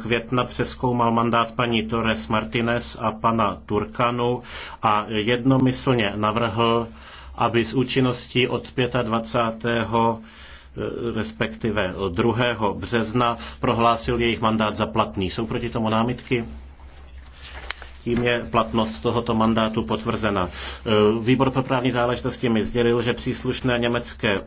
května přeskoumal mandát paní Torres Martinez a pana Turkanu a jednomyslně navrhl, aby s účinností od 25 eh, respektive 2. března prohlásil jejich mandát za platný. Jsou proti tomu námitky? tím je platnost tohoto mandátu potvrzena. Eh, Výbor pro právní záležitosti mi sdělil, že příslušné německé